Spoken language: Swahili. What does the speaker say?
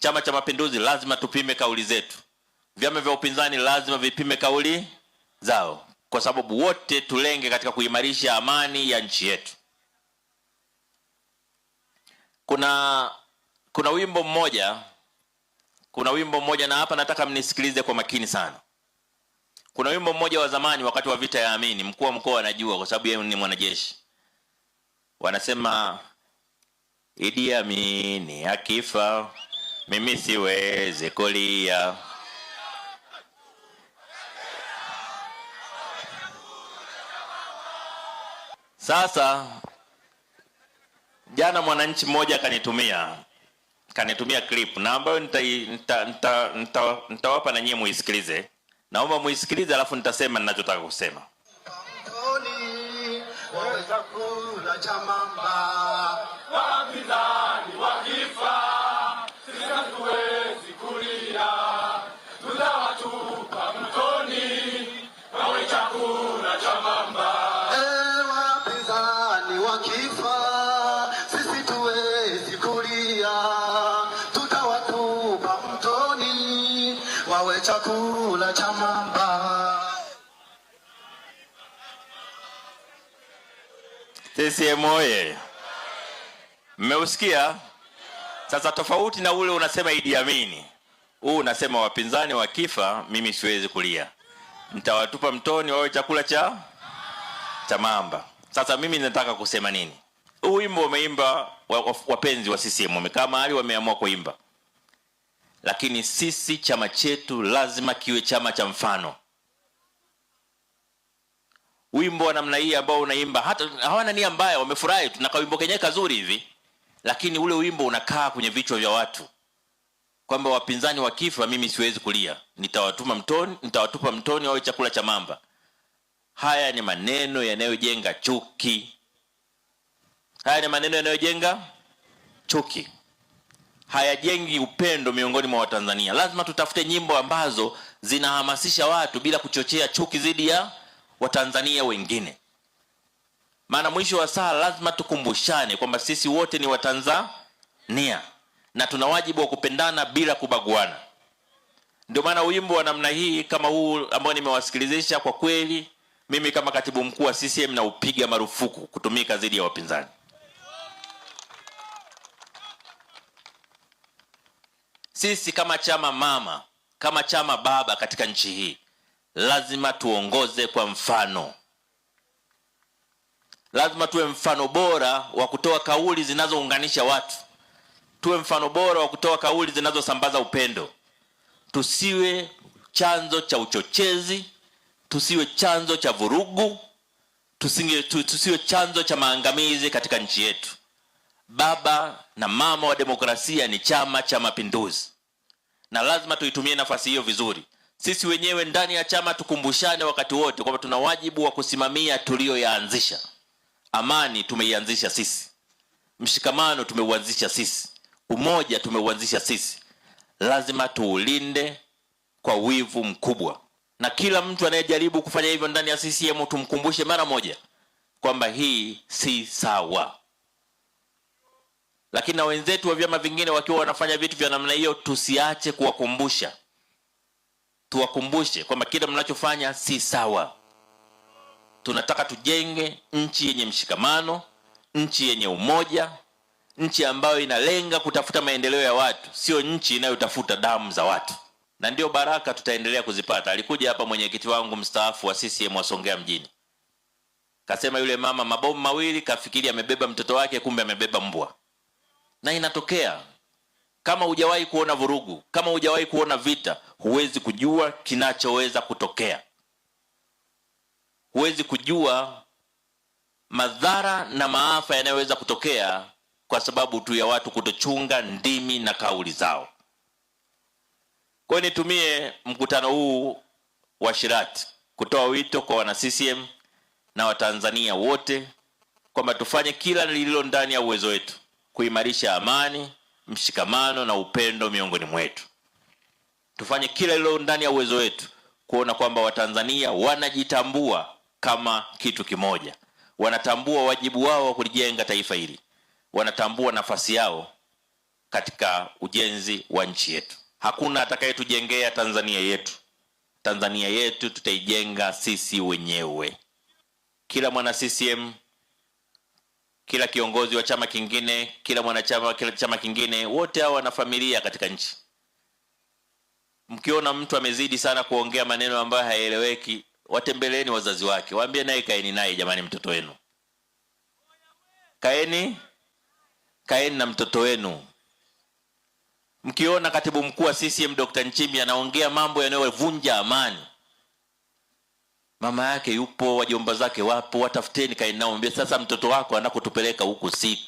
Chama cha Mapinduzi lazima tupime kauli zetu, vyama vya upinzani lazima vipime kauli zao, kwa sababu wote tulenge katika kuimarisha amani ya nchi yetu. Kuna kuna wimbo mmoja kuna wimbo mmoja, na hapa nataka mnisikilize kwa makini sana. Kuna wimbo mmoja wa zamani, wakati wa vita ya Amini, mkuu wa mkoa anajua kwa sababu yeye ni mwanajeshi. Wanasema Idi Amini akifa mimi siwezi kulia. Sasa jana mwananchi mmoja akanitumia kanitumia clip na ambayo nitawapa nita, nita, nita, nita na nyie muisikilize. Naomba muisikilize, alafu nitasema ninachotaka kusema. Waweza kula cha mamba wapinzani wakifa Tuwe chakula cha mamba. CCM oye! Mmeusikia sasa. Tofauti na ule unasema Idi Amini, huu unasema wapinzani wakifa mimi siwezi kulia, nitawatupa mtoni wawe chakula cha cha mamba. Sasa mimi nataka kusema nini? Huu wimbo wameimba wapenzi wa CCM, wamekaa mahali wameamua kuimba lakini sisi chama chetu lazima kiwe chama cha mfano. Wimbo wa namna hii ambao unaimba, hata hawana nia mbaya, wamefurahi tu na kenyewe kazuri hivi, lakini ule wimbo unakaa kwenye vichwa vya watu kwamba wapinzani wakifa, mimi siwezi kulia, nitawatuma mtoni, nitawatupa mtoni wawe chakula cha mamba. Haya ni maneno yanayojenga chuki, haya ni maneno yanayojenga chuki hayajengi upendo miongoni mwa Watanzania. Lazima tutafute nyimbo ambazo zinahamasisha watu bila kuchochea chuki dhidi ya Watanzania wengine, maana mwisho wa saa lazima tukumbushane kwamba sisi wote ni Watanzania na tuna wajibu wa kupendana bila kubaguana. Ndio maana wimbo wa namna hii kama huu ambao nimewasikilizisha, kwa kweli mimi kama katibu mkuu wa CCM naupiga marufuku kutumika dhidi ya wapinzani. Sisi kama chama mama, kama chama baba katika nchi hii lazima tuongoze kwa mfano, lazima tuwe mfano bora wa kutoa kauli zinazounganisha watu, tuwe mfano bora wa kutoa kauli zinazosambaza upendo. Tusiwe chanzo cha uchochezi, tusiwe chanzo cha vurugu, tusiwe, chanzo cha maangamizi katika nchi yetu baba na mama wa demokrasia ni Chama cha Mapinduzi, na lazima tuitumie nafasi hiyo vizuri. Sisi wenyewe ndani ya chama tukumbushane wakati wote kwamba tuna wajibu wa kusimamia tuliyoyaanzisha. Amani tumeianzisha sisi, mshikamano tumeuanzisha sisi, umoja tumeuanzisha sisi. Lazima tuulinde kwa wivu mkubwa, na kila mtu anayejaribu kufanya hivyo ndani ya CCM tumkumbushe mara moja kwamba hii si sawa lakini na wenzetu wa vyama vingine wakiwa wanafanya vitu vya namna hiyo, tusiache kuwakumbusha, tuwakumbushe kwamba kile mnachofanya si sawa. Tunataka tujenge nchi yenye mshikamano, nchi yenye umoja, nchi ambayo inalenga kutafuta maendeleo ya watu, sio nchi inayotafuta damu za watu, na ndio baraka tutaendelea kuzipata. Alikuja hapa mwenyekiti wangu mstaafu wa CCM wa Songea mjini, kasema yule mama mabomu mawili, kafikiri amebeba mtoto wake, kumbe amebeba mbwa na inatokea. Kama hujawahi kuona vurugu, kama hujawahi kuona vita, huwezi kujua kinachoweza kutokea, huwezi kujua madhara na maafa yanayoweza kutokea kwa sababu tu ya watu kutochunga ndimi na kauli zao. Kwa hiyo nitumie mkutano huu wa Shirati kutoa wito kwa wana CCM na Watanzania wote kwamba tufanye kila lililo ndani ya uwezo wetu kuimarisha amani, mshikamano na upendo miongoni mwetu. Tufanye kila lilo ndani ya uwezo wetu kuona kwamba Watanzania wanajitambua kama kitu kimoja, wanatambua wajibu wao wa kulijenga taifa hili, wanatambua nafasi yao katika ujenzi wa nchi yetu. Hakuna atakayetujengea Tanzania yetu. Tanzania yetu tutaijenga sisi wenyewe. Kila mwana CCM kila kiongozi wa chama kingine, kila mwanachama kila chama kingine, wote hawa wana familia katika nchi. Mkiona mtu amezidi sana kuongea maneno ambayo hayaeleweki, watembeleeni wazazi wake, waambie naye, kaeni naye, jamani, mtoto wenu kaeni, kaeni na mtoto wenu. Mkiona katibu mkuu wa CCM Dr. Nchimbi anaongea mambo yanayovunja amani, mama yake yupo, wajomba zake wapo, watafuteni, kaeni mwambie sasa mtoto wako anakotupeleka huku siko.